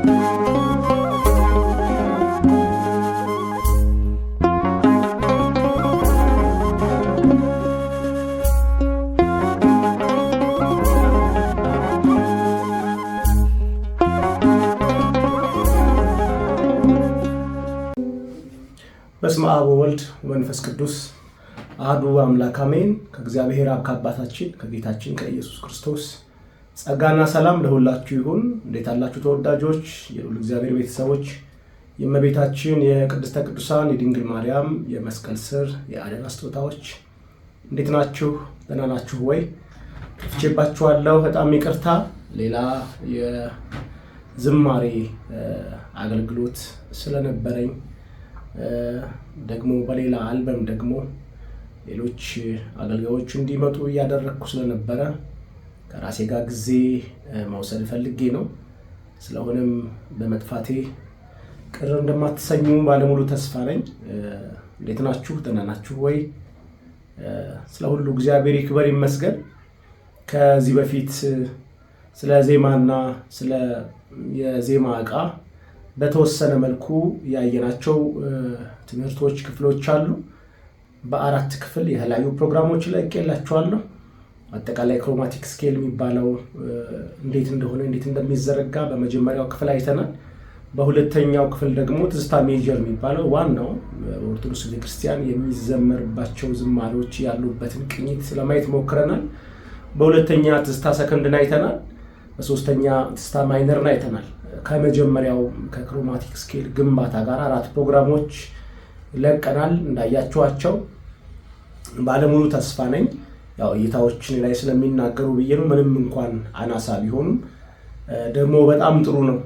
በስመ አብ ወወልድ መንፈስ ቅዱስ አሐዱ አምላክ አሜን። ከእግዚአብሔር አብ ከአባታችን ከጌታችን ከኢየሱስ ክርስቶስ ጸጋና ሰላም ለሁላችሁ ይሁን። እንዴት አላችሁ ተወዳጆች የሁሉ እግዚአብሔር ቤተሰቦች፣ የእመቤታችን የቅድስተ ቅዱሳን የድንግል ማርያም የመስቀል ስር የአደራ ስጦታዎች እንዴት ናችሁ? ደህና ናችሁ ወይ? ፍቼባችኋለሁ። በጣም ይቅርታ። ሌላ የዝማሬ አገልግሎት ስለነበረኝ ደግሞ በሌላ አልበም ደግሞ ሌሎች አገልጋዮች እንዲመጡ እያደረግኩ ስለነበረ ከራሴ ጋር ጊዜ መውሰድ ፈልጌ ነው። ስለሆነም በመጥፋቴ ቅር እንደማትሰኙ ባለሙሉ ተስፋ ነኝ። እንዴት ናችሁ? ደህና ናችሁ ወይ? ስለ ሁሉ እግዚአብሔር ይክበር ይመስገን። ከዚህ በፊት ስለ ዜማና ስለ የዜማ እቃ በተወሰነ መልኩ ያየናቸው ትምህርቶች ክፍሎች አሉ። በአራት ክፍል የተለያዩ ፕሮግራሞች ላይ እቄላችኋለሁ። አጠቃላይ ክሮማቲክ ስኬል የሚባለው እንዴት እንደሆነ እንዴት እንደሚዘረጋ በመጀመሪያው ክፍል አይተናል። በሁለተኛው ክፍል ደግሞ ትዝታ ሜጀር የሚባለው ዋናው በኦርቶዶክስ ቤተክርስቲያን የሚዘመርባቸው ዝማሬዎች ያሉበትን ቅኝት ለማየት ሞክረናል። በሁለተኛ ትዝታ ሰከንድን አይተናል። በሶስተኛ ትዝታ ማይነርን አይተናል። ከመጀመሪያው ከክሮማቲክ ስኬል ግንባታ ጋር አራት ፕሮግራሞች ለቀናል። እንዳያችኋቸው ባለሙሉ ተስፋ ነኝ። ያው እይታዎች ላይ ስለሚናገሩ ብዬ ነው። ምንም እንኳን አናሳ ቢሆኑም ደግሞ በጣም ጥሩ ነው።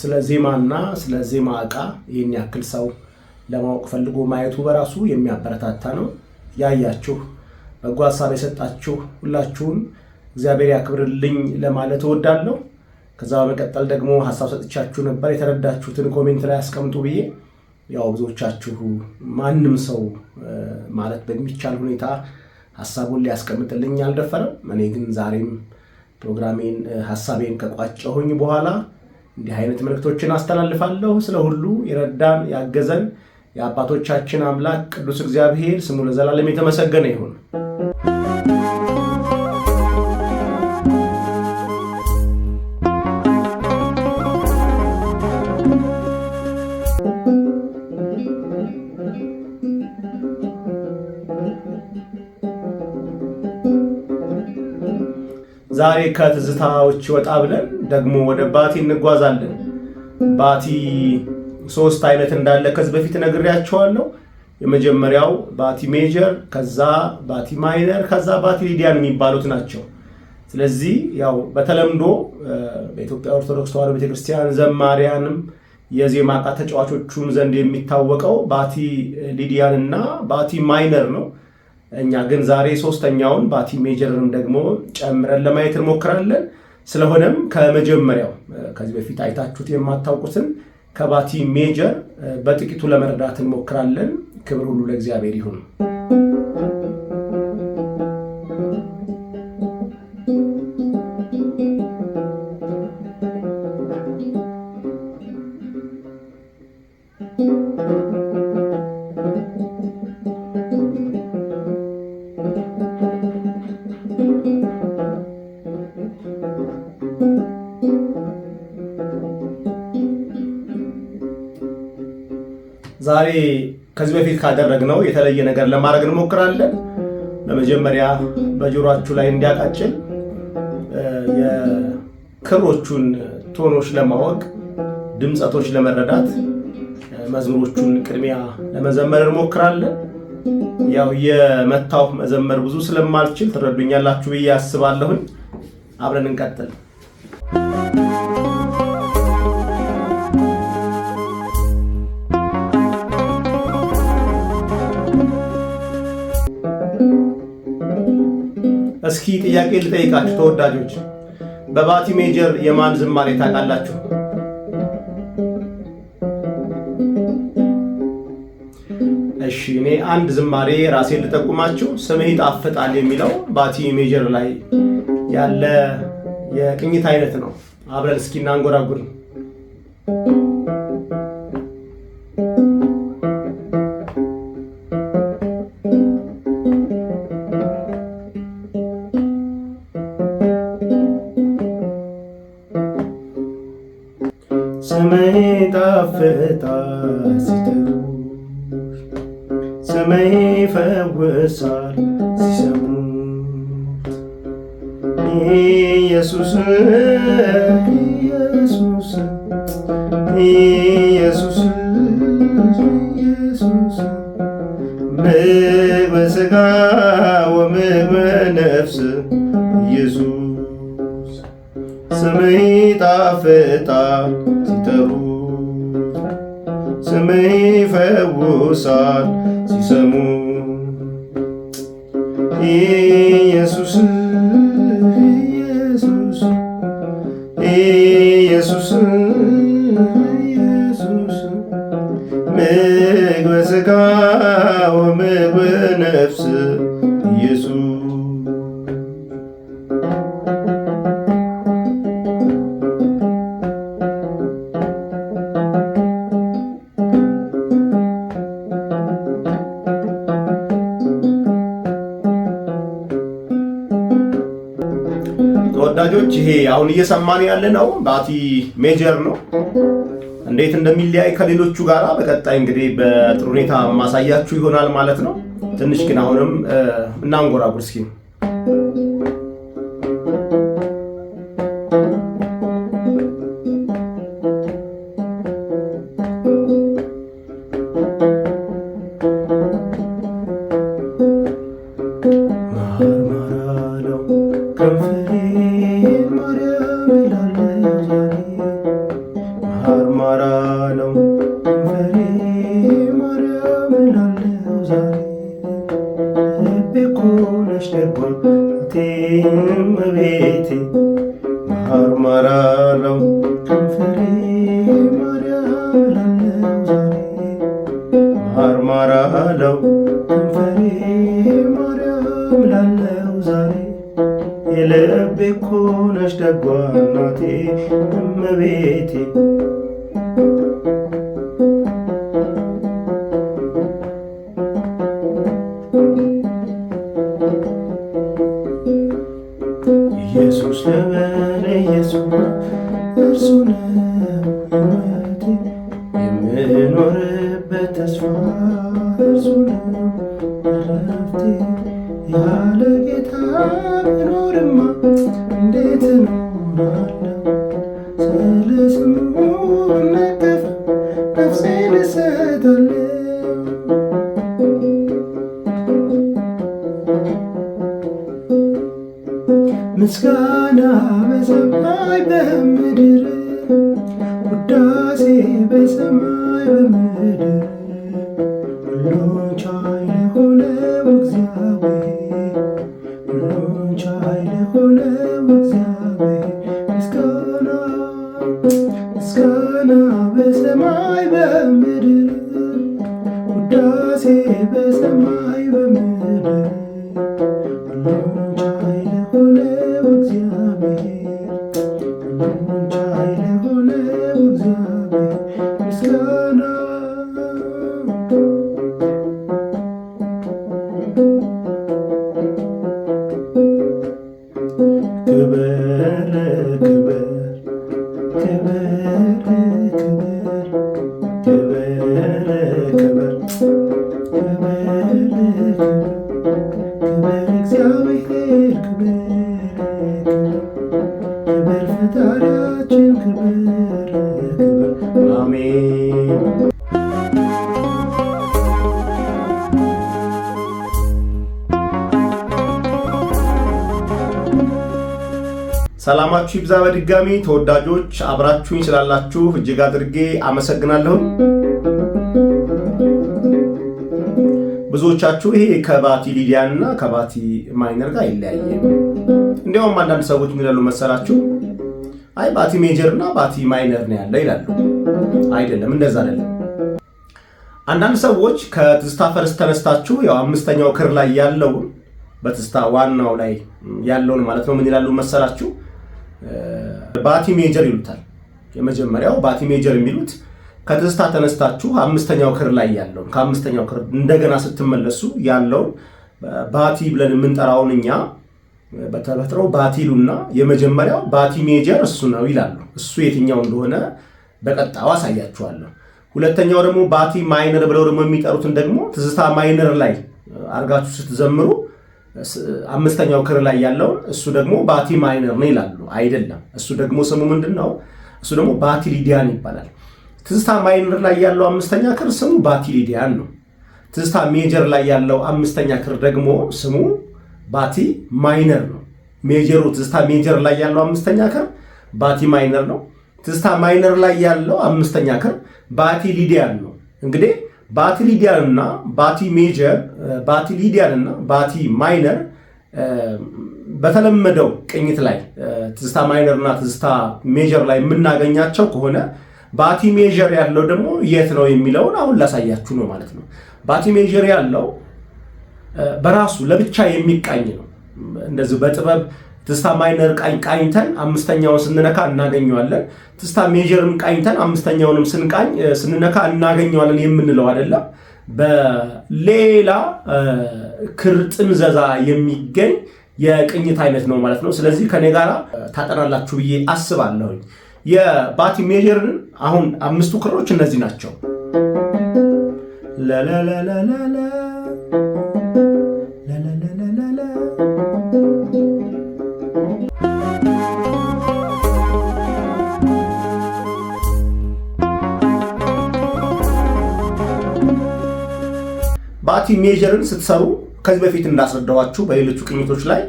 ስለ ዜማና ስለ ዜማ እቃ ይህን ያክል ሰው ለማወቅ ፈልጎ ማየቱ በራሱ የሚያበረታታ ነው። ያያችሁ በጎ ሀሳብ የሰጣችሁ ሁላችሁም እግዚአብሔር ያክብርልኝ ለማለት እወዳለሁ። ከዛ በመቀጠል ደግሞ ሀሳብ ሰጥቻችሁ ነበር የተረዳችሁትን ኮሜንት ላይ አስቀምጡ ብዬ ያው ብዙዎቻችሁ ማንም ሰው ማለት በሚቻል ሁኔታ ሀሳቡን ሊያስቀምጥልኝ አልደፈረም። እኔ ግን ዛሬም ፕሮግራሜን ሀሳቤን ከቋጨሁኝ በኋላ እንዲህ አይነት መልእክቶችን አስተላልፋለሁ። ስለ ሁሉ የረዳን ያገዘን የአባቶቻችን አምላክ ቅዱስ እግዚአብሔር ስሙ ለዘላለም የተመሰገነ ይሁን። ዛሬ ከትዝታዎች ወጣ ብለን ደግሞ ወደ ባቲ እንጓዛለን። ባቲ ሶስት አይነት እንዳለ ከዚህ በፊት ነግሬያቸዋለሁ። የመጀመሪያው ባቲ ሜጀር፣ ከዛ ባቲ ማይነር፣ ከዛ ባቲ ሊዲያን የሚባሉት ናቸው። ስለዚህ ያው በተለምዶ በኢትዮጵያ ኦርቶዶክስ ተዋሕዶ ቤተክርስቲያን ዘማሪያንም የዜማ ዕቃ ተጫዋቾቹም ዘንድ የሚታወቀው ባቲ ሊዲያን እና ባቲ ማይነር ነው። እኛ ግን ዛሬ ሶስተኛውን ባቲ ሜጀርም ደግሞ ጨምረን ለማየት እንሞክራለን። ስለሆነም ከመጀመሪያው ከዚህ በፊት አይታችሁት የማታውቁትን ከባቲ ሜጀር በጥቂቱ ለመረዳት እንሞክራለን። ክብር ሁሉ ለእግዚአብሔር ይሁን። ዛሬ ከዚህ በፊት ካደረግነው የተለየ ነገር ለማድረግ እንሞክራለን። በመጀመሪያ በጆሮአችሁ ላይ እንዲያቃጭል የክሮቹን ቶኖች ለማወቅ ድምፀቶች ለመረዳት መዝሙሮቹን ቅድሚያ ለመዘመር እንሞክራለን። ያው የመታው መዘመር ብዙ ስለማልችል ትረዱኛላችሁ ብዬ አስባለሁኝ። አብረን እንቀጥል። ጥያቄ ልጠይቃችሁ ተወዳጆች፣ በባቲ ሜጀር የማን ዝማሬ ታውቃላችሁ? እሺ እኔ አንድ ዝማሬ ራሴን ልጠቁማችሁ። ስምህ ይጣፍጣል የሚለው ባቲ ሜጀር ላይ ያለ የቅኝት አይነት ነው። አብረን እስኪ እናንጎራጉር። ሰማይ ይፈወሳል ሲሰሙት ኢየሱስ ኢየሱስ ኢየሱስ ኢየሱስ ምግበ ሥጋ ወምግበ ነፍስ ኢየሱስ ስምህ ይጣፍጣል ሲጠሩት ስምህ ይፈውሳል ኢየሱስ ምግብ ሥጋ ወምግብ ነፍስ ኢየሱስ አሁን እየሰማን ያለ ነው ባቲ ሜጀር ነው። እንዴት እንደሚለያይ ከሌሎቹ ጋራ በቀጣይ እንግዲህ በጥሩ ሁኔታ ማሳያችሁ ይሆናል ማለት ነው። ትንሽ ግን አሁንም እናንጎራጉር እስኪ ላለው ከንፈሬ ማርያም ላለው ዛሬ የልቤ እኮ ነሽ ደጓ እናቴ እመቤቴ ኢየሱስ ለበለ ኢየሱስ እርሱ ነው የምኖርበት ተስፋ ያለ ጌታ ብኖርማ እንዴት እኖራለሁ? ስለ ስሙ ነቀፈ ነፍሴን እሰጣለሁ። ምስጋና በሰማይ በም ሰላማችሁ ይብዛ። በድጋሚ ተወዳጆች አብራችሁኝ ስላላችሁ እጅግ አድርጌ አመሰግናለሁን። ብዙዎቻችሁ ይሄ ከባቲ ሊዲያን እና ከባቲ ማይነር ጋር ይለያየም። እንዲያውም አንዳንድ ሰዎች ምን መሰላችሁ? አይ ባቲ ሜጀር እና ባቲ ማይነር ነው ያለ ይላሉ። አይደለም፣ እንደዛ አይደለም። አንዳንድ ሰዎች ከትዝታ ፈርስት ተነስታችሁ ያው አምስተኛው ክር ላይ ያለውን በትዝታ ዋናው ላይ ያለውን ማለት ነው ምን ይላሉ መሰላችሁ ባቲ ሜጀር ይሉታል። የመጀመሪያው ባቲ ሜጀር የሚሉት ከትዝታ ተነስታችሁ አምስተኛው ክር ላይ ያለውን ከአምስተኛው ክር እንደገና ስትመለሱ ያለውን ባቲ ብለን የምንጠራውን እኛ በተፈጥሮ ባቲ ይሉና የመጀመሪያው ባቲ ሜጀር እሱ ነው ይላሉ። እሱ የትኛው እንደሆነ በቀጣው አሳያችኋለሁ። ሁለተኛው ደግሞ ባቲ ማይነር ብለው ደግሞ የሚጠሩትን ደግሞ ትዝታ ማይነር ላይ አድርጋችሁ ስትዘምሩ አምስተኛው ክር ላይ ያለውን እሱ ደግሞ ባቲ ማይነር ነው ይላሉ። አይደለም፣ እሱ ደግሞ ስሙ ምንድን ነው? እሱ ደግሞ ባቲ ሊዲያን ይባላል። ትዝታ ማይነር ላይ ያለው አምስተኛ ክር ስሙ ባቲ ሊዲያን ነው። ትዝታ ሜጀር ላይ ያለው አምስተኛ ክር ደግሞ ስሙ ባቲ ማይነር ነው። ሜጀሩ ትዝታ ሜጀር ላይ ያለው አምስተኛ ክር ባቲ ማይነር ነው። ትዝታ ማይነር ላይ ያለው አምስተኛ ክር ባቲ ሊዲያን ነው። እንግዲህ ባቲ ሊዲያን እና ባቲ ሜጀር ባቲ ሊዲያን እና ባቲ ማይነር በተለመደው ቅኝት ላይ ትዝታ ማይነር እና ትዝታ ሜጀር ላይ የምናገኛቸው ከሆነ ባቲ ሜጀር ያለው ደግሞ የት ነው የሚለውን አሁን ላሳያችሁ ነው ማለት ነው። ባቲ ሜጀር ያለው በራሱ ለብቻ የሚቃኝ ነው እንደዚህ በጥበብ ትስታ ማይነር ቃኝተን አምስተኛውን ስንነካ እናገኘዋለን። ትስታ ሜጀርም ቃኝተን አምስተኛውንም ስንቃኝ ስንነካ እናገኘዋለን የምንለው አይደለም። በሌላ ክር ጥምዘዛ የሚገኝ የቅኝት አይነት ነው ማለት ነው። ስለዚህ ከኔ ጋር ታጠናላችሁ ብዬ አስባለሁኝ። የባቲ ሜጀርን አሁን አምስቱ ክሮች እነዚህ ናቸው። ፓቲ ሜዥርን ስትሰሩ ከዚህ በፊት እንዳስረዳኋችሁ በሌሎቹ ቅኝቶች ላይ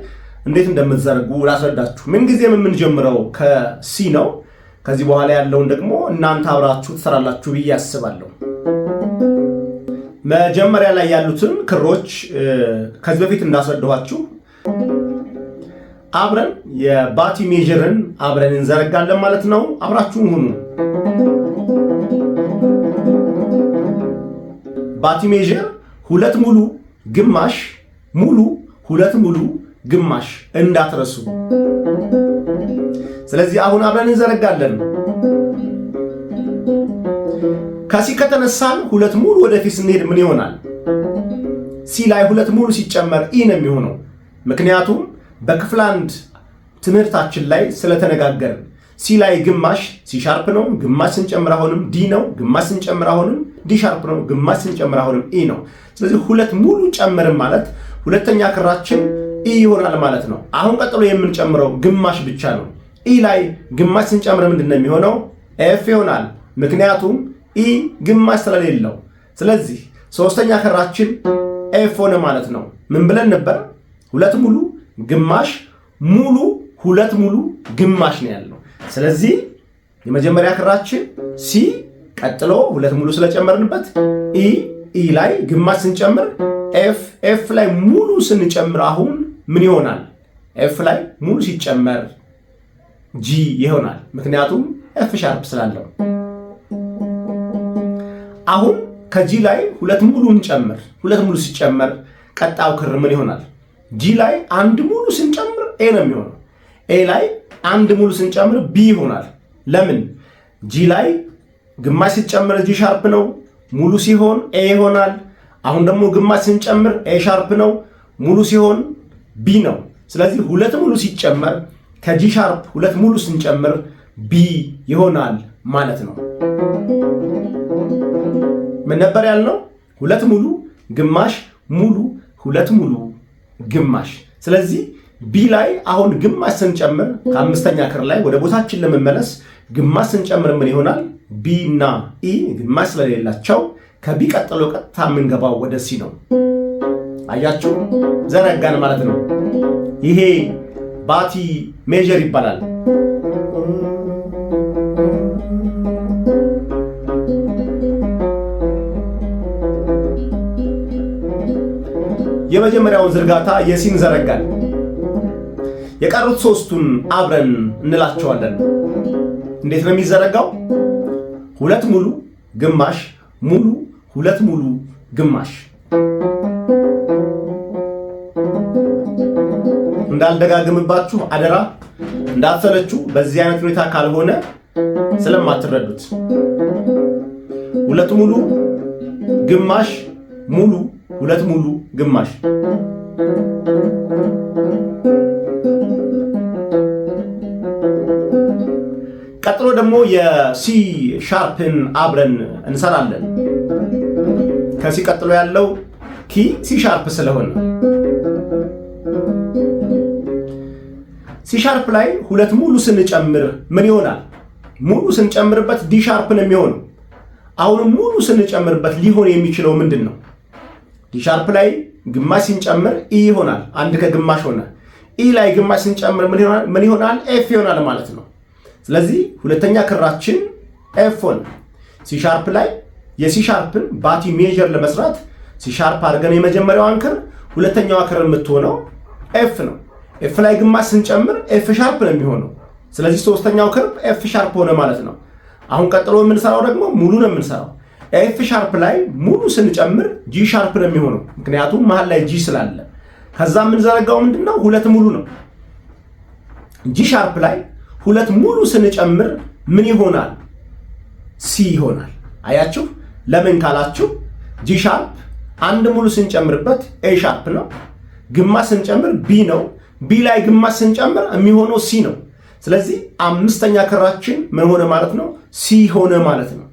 እንዴት እንደምትዘርጉ ላስረዳችሁ። ምንጊዜም የምንጀምረው ከሲ ነው። ከዚህ በኋላ ያለውን ደግሞ እናንተ አብራችሁ ትሰራላችሁ ብዬ አስባለሁ። መጀመሪያ ላይ ያሉትን ክሮች ከዚህ በፊት እንዳስረዳኋችሁ አብረን የባቲ ሜዥርን አብረን እንዘረጋለን ማለት ነው። አብራችሁን ሁኑ። ባቲ ሜዥር ሁለት ሙሉ ግማሽ ሙሉ ሁለት ሙሉ ግማሽ እንዳትረሱ። ስለዚህ አሁን አብረን እንዘረጋለን። ከሲ ከተነሳን ሁለት ሙሉ ወደፊት ስንሄድ ምን ይሆናል? ሲ ላይ ሁለት ሙሉ ሲጨመር ኢ ነው የሚሆነው። ምክንያቱም በክፍል አንድ ትምህርታችን ላይ ስለተነጋገርን ሲ ላይ ግማሽ ሲ ሻርፕ ነው፣ ግማሽ ስንጨምር አሁንም ዲ ነው፣ ግማሽ ስንጨምር አሁንም ዲሻርፕ ነው፣ ግማሽ ስንጨምር አሁንም ኢ ነው። ስለዚህ ሁለት ሙሉ ጨምርን ማለት ሁለተኛ ክራችን ኢ ይሆናል ማለት ነው። አሁን ቀጥሎ የምንጨምረው ግማሽ ብቻ ነው። ኢ ላይ ግማሽ ስንጨምር ምንድን ነው የሚሆነው? ኤፍ ይሆናል። ምክንያቱም ኢ ግማሽ ስለሌለው። ስለዚህ ሶስተኛ ክራችን ኤፍ ሆነ ማለት ነው። ምን ብለን ነበር? ሁለት ሙሉ ግማሽ ሙሉ ሁለት ሙሉ ግማሽ ነው ያለው። ስለዚህ የመጀመሪያ ክራችን ሲ ቀጥሎ ሁለት ሙሉ ስለጨመርንበት ኢ ኢ ላይ ግማሽ ስንጨምር ኤፍ ኤፍ ላይ ሙሉ ስንጨምር አሁን ምን ይሆናል? ኤፍ ላይ ሙሉ ሲጨመር ጂ ይሆናል። ምክንያቱም ኤፍ ሻርፕ ስላለው። አሁን ከጂ ላይ ሁለት ሙሉ እንጨምር። ሁለት ሙሉ ሲጨመር ቀጣው ክር ምን ይሆናል? ጂ ላይ አንድ ሙሉ ስንጨምር ኤ ነው የሚሆነው። ኤ ላይ አንድ ሙሉ ስንጨምር ቢ ይሆናል። ለምን ጂ ላይ ግማሽ ሲጨምር ጂ ሻርፕ ነው። ሙሉ ሲሆን ኤ ይሆናል። አሁን ደግሞ ግማሽ ስንጨምር ኤ ሻርፕ ነው። ሙሉ ሲሆን ቢ ነው። ስለዚህ ሁለት ሙሉ ሲጨመር ከጂ ሻርፕ ሁለት ሙሉ ስንጨምር ቢ ይሆናል ማለት ነው። ምን ነበር ያልነው? ሁለት ሙሉ ግማሽ ሙሉ ሁለት ሙሉ ግማሽ። ስለዚህ ቢ ላይ አሁን ግማሽ ስንጨምር ከአምስተኛ ክር ላይ ወደ ቦታችን ለመመለስ ግማሽ ስንጨምር ምን ይሆናል? ቢ እና ኢ ግማሽ ስለሌላቸው ከቢ ቀጥሎ ቀጥታ የምንገባው ወደ ሲ ነው። አያችሁ ዘረጋን ማለት ነው። ይሄ ባቲ ሜጀር ይባላል። የመጀመሪያውን ዝርጋታ የሲን ዘረጋን። የቀሩት ሶስቱን አብረን እንላቸዋለን። እንዴት ነው የሚዘረጋው? ሁለት ሙሉ ግማሽ ሙሉ ሁለት ሙሉ ግማሽ እንዳልደጋግምባችሁ አደራ እንዳትሰለችሁ። በዚህ አይነት ሁኔታ ካልሆነ ስለማትረዱት ሁለት ሙሉ ግማሽ ሙሉ ሁለት ሙሉ ግማሽ ቀጥሎ ደግሞ የሲ ሻርፕን አብረን እንሰራለን። ከሲ ቀጥሎ ያለው ኪ ሲ ሻርፕ ስለሆነ ሲ ሻርፕ ላይ ሁለት ሙሉ ስንጨምር ምን ይሆናል? ሙሉ ስንጨምርበት ዲ ሻርፕ ነው የሚሆነው። አሁንም ሙሉ ስንጨምርበት ሊሆን የሚችለው ምንድን ነው? ዲ ሻርፕ ላይ ግማሽ ስንጨምር ኢ ይሆናል። አንድ ከግማሽ ሆነ። ኢ ላይ ግማሽ ስንጨምር ምን ይሆናል? ኤፍ ይሆናል ማለት ነው። ስለዚህ ሁለተኛ ክራችን ኤፎን ሲሻርፕ ላይ የሲሻርፕን ባቲ ሜጀር ለመስራት ሲሻርፕ አድርገን የመጀመሪያዋን ክር ሁለተኛዋ ክር የምትሆነው ኤፍ ነው። ኤፍ ላይ ግማሽ ስንጨምር ኤፍ ሻርፕ ነው የሚሆነው። ስለዚህ ሶስተኛው ክር ኤፍ ሻርፕ ሆነ ማለት ነው። አሁን ቀጥሎ የምንሰራው ደግሞ ሙሉ ነው የምንሰራው። ኤፍ ሻርፕ ላይ ሙሉ ስንጨምር ጂ ሻርፕ ነው የሚሆነው፣ ምክንያቱም መሀል ላይ ጂ ስላለ። ከዛ የምንዘረጋው ምንድነው ሁለት ሙሉ ነው። ጂ ሻርፕ ላይ ሁለት ሙሉ ስንጨምር ምን ይሆናል? ሲ ይሆናል። አያችሁ? ለምን ካላችሁ ጂ ሻርፕ አንድ ሙሉ ስንጨምርበት ኤ ሻርፕ ነው፣ ግማ ስንጨምር ቢ ነው፣ ቢ ላይ ግማ ስንጨምር የሚሆነው ሲ ነው። ስለዚህ አምስተኛ ክራችን ምን ሆነ ማለት ነው? ሲ ሆነ ማለት ነው።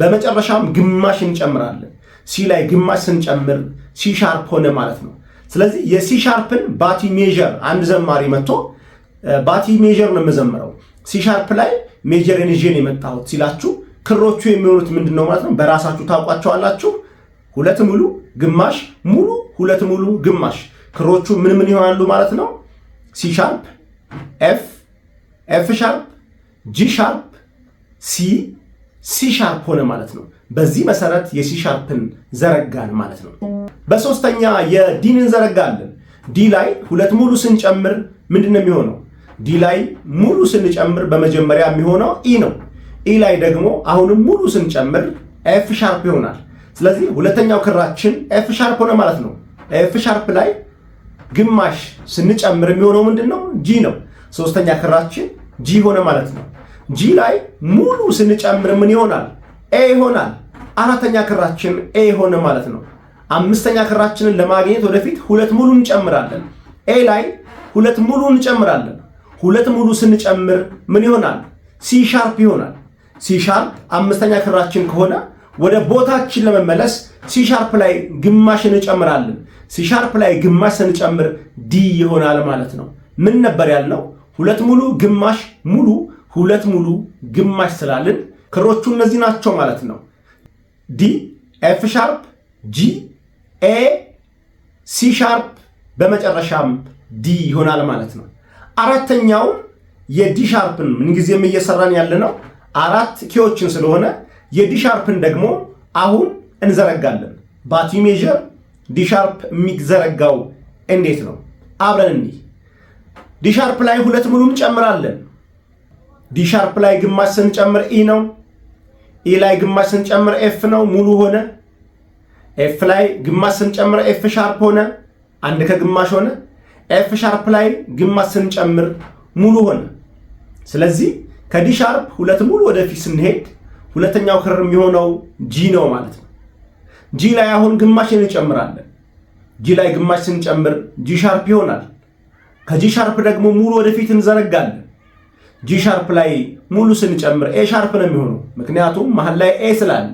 በመጨረሻም ግማሽ እንጨምራለን። ሲ ላይ ግማሽ ስንጨምር ሲ ሻርፕ ሆነ ማለት ነው። ስለዚህ የሲ ሻርፕን ባቲ ሜዥር አንድ ዘማሪ መጥቶ ባቲ ሜጀር ነው የምዘምረው ሲሻርፕ ላይ ሜጀር ይዤ የመጣሁት ሲላችሁ ክሮቹ የሚሆኑት ምንድን ነው ማለት ነው። በራሳችሁ ታውቋቸዋላችሁ። ሁለት ሙሉ ግማሽ ሙሉ፣ ሁለት ሙሉ ግማሽ። ክሮቹ ምን ምን ይሆናሉ ማለት ነው? ሲ ሻርፕ፣ ኤፍ፣ ኤፍ ሻርፕ፣ ጂ ሻርፕ፣ ሲ፣ ሲ ሻርፕ ሆነ ማለት ነው። በዚህ መሰረት የሲ ሻርፕን ዘረጋን ማለት ነው። በሶስተኛ የዲንን ዘረጋለን። ዲ ላይ ሁለት ሙሉ ስንጨምር ምንድን ነው የሚሆነው? ዲ ላይ ሙሉ ስንጨምር በመጀመሪያ የሚሆነው ኢ ነው። ኢ ላይ ደግሞ አሁንም ሙሉ ስንጨምር ኤፍ ሻርፕ ይሆናል። ስለዚህ ሁለተኛው ክራችን ኤፍ ሻርፕ ሆነ ማለት ነው። ኤፍ ሻርፕ ላይ ግማሽ ስንጨምር የሚሆነው ምንድን ነው? ጂ ነው። ሶስተኛ ክራችን ጂ ሆነ ማለት ነው። ጂ ላይ ሙሉ ስንጨምር ምን ይሆናል? ኤ ይሆናል። አራተኛ ክራችን ኤ ሆነ ማለት ነው። አምስተኛ ክራችንን ለማግኘት ወደፊት ሁለት ሙሉ እንጨምራለን። ኤ ላይ ሁለት ሙሉ እንጨምራለን። ሁለት ሙሉ ስንጨምር ምን ይሆናል? ሲ ሻርፕ ይሆናል። ሲ ሻርፕ አምስተኛ ክራችን ከሆነ ወደ ቦታችን ለመመለስ ሲ ሻርፕ ላይ ግማሽ እንጨምራለን። ሲ ሻርፕ ላይ ግማሽ ስንጨምር ዲ ይሆናል ማለት ነው። ምን ነበር ያልነው? ሁለት ሙሉ ግማሽ ሙሉ ሁለት ሙሉ ግማሽ ስላልን ክሮቹ እነዚህ ናቸው ማለት ነው። ዲ ኤፍ ሻርፕ፣ ጂ ኤ፣ ሲ ሻርፕ በመጨረሻም ዲ ይሆናል ማለት ነው። አራተኛው የዲሻርፕን ምንጊዜም እየሰራን ያለ ነው አራት ኬዎችን ስለሆነ የዲሻርፕን ደግሞ አሁን እንዘረጋለን። ባቲ ሜዥር ዲሻርፕ የሚዘረጋው እንዴት ነው? አብረን ዲ ዲሻርፕ ላይ ሁለት ሙሉ እንጨምራለን። ዲሻርፕ ላይ ግማሽ ስንጨምር ኢ ነው። ኢ ላይ ግማሽ ስንጨምር ኤፍ ነው፣ ሙሉ ሆነ። ኤፍ ላይ ግማሽ ስንጨምር ኤፍ ሻርፕ ሆነ፣ አንድ ከግማሽ ሆነ። ኤፍ ሻርፕ ላይ ግማሽ ስንጨምር ሙሉ ሆነ። ስለዚህ ከዲ ሻርፕ ሁለት ሙሉ ወደፊት ስንሄድ ሁለተኛው ክር የሚሆነው ጂ ነው ማለት ነው። ጂ ላይ አሁን ግማሽ እንጨምራለን። ጂ ላይ ግማሽ ስንጨምር ጂ ሻርፕ ይሆናል። ከጂ ሻርፕ ደግሞ ሙሉ ወደፊት እንዘረጋለን። ጂ ሻርፕ ላይ ሙሉ ስንጨምር ኤ ሻርፕ ነው የሚሆነው፣ ምክንያቱም መሀል ላይ ኤ ስላለ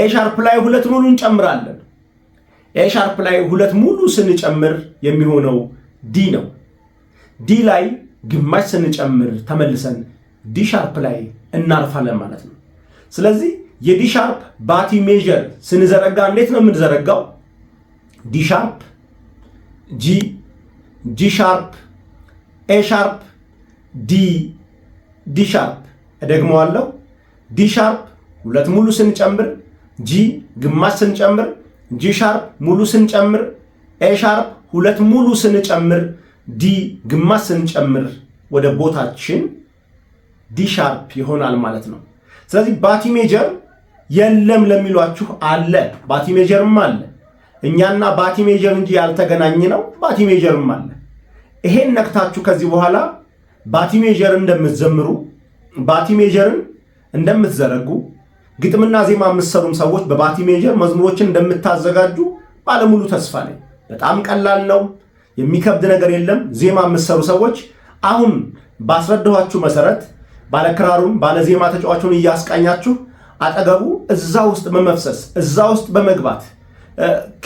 ኤ ሻርፕ ላይ ሁለት ሙሉ እንጨምራለን። ኤሻርፕ ላይ ሁለት ሙሉ ስንጨምር የሚሆነው ዲ ነው። ዲ ላይ ግማሽ ስንጨምር ተመልሰን ዲ ሻርፕ ላይ እናርፋለን ማለት ነው። ስለዚህ የዲ ሻርፕ ባቲ ሜዥር ስንዘረጋ እንዴት ነው የምንዘረጋው? ዲ ሻርፕ ጂ፣ ጂ ሻርፕ፣ ኤ ሻርፕ፣ ዲ፣ ዲ ሻርፕ። እደግመዋለሁ። ዲ ሻርፕ ሁለት ሙሉ ስንጨምር ጂ ግማሽ ስንጨምር ጂ ሻርፕ ሙሉ ስንጨምር፣ ኤ ሻርፕ ሁለት ሙሉ ስንጨምር፣ ዲ ግማሽ ስንጨምር ወደ ቦታችን ዲ ሻርፕ ይሆናል ማለት ነው። ስለዚህ ባቲ ሜጀር የለም ለሚሏችሁ አለ፣ ባቲ ሜጀርም አለ። እኛና ባቲ ሜጀር እንጂ ያልተገናኝ ነው። ባቲ ሜጀርም አለ። ይሄን ነክታችሁ ከዚህ በኋላ ባቲ ሜጀር እንደምትዘምሩ ባቲ ሜጀርን እንደምትዘረጉ ግጥምና ዜማ የምትሰሩም ሰዎች በባቲ ሜጀር መዝሙሮችን እንደምታዘጋጁ ባለሙሉ ተስፋ ነኝ። በጣም ቀላል ነው፣ የሚከብድ ነገር የለም። ዜማ የምትሰሩ ሰዎች አሁን ባስረዳኋችሁ መሰረት ባለክራሩም ባለዜማ ተጫዋቹን እያስቃኛችሁ አጠገቡ እዛ ውስጥ በመፍሰስ እዛ ውስጥ በመግባት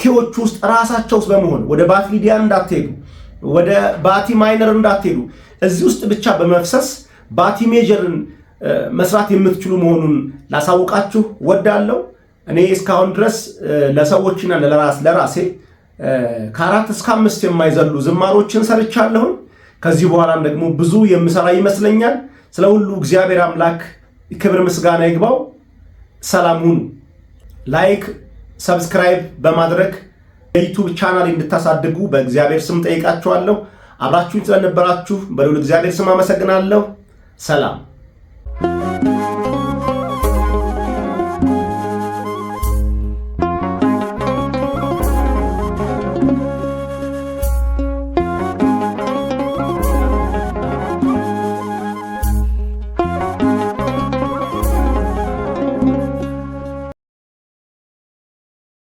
ኪዎች ውስጥ ራሳቸው ውስጥ በመሆን ወደ ባቲ እንዳትሄዱ፣ ወደ ባቲ ማይነር እንዳትሄዱ፣ እዚህ ውስጥ ብቻ በመፍሰስ ባቲ ሜጀርን መስራት የምትችሉ መሆኑን ላሳውቃችሁ ወዳለው። እኔ እስካሁን ድረስ ለሰዎችና ለራስ ለራሴ ከአራት እስከ አምስት የማይዘሉ ዝማሮችን ሰርቻለሁን። ከዚህ በኋላም ደግሞ ብዙ የምሰራ ይመስለኛል። ስለ ሁሉ እግዚአብሔር አምላክ ክብር ምስጋና ይግባው። ሰላም ሁኑ። ላይክ ሰብስክራይብ በማድረግ የዩቱብ ቻናል እንድታሳድጉ በእግዚአብሔር ስም ጠይቃችኋለሁ። አብራችሁኝ ስለነበራችሁ በልዑል እግዚአብሔር ስም አመሰግናለሁ። ሰላም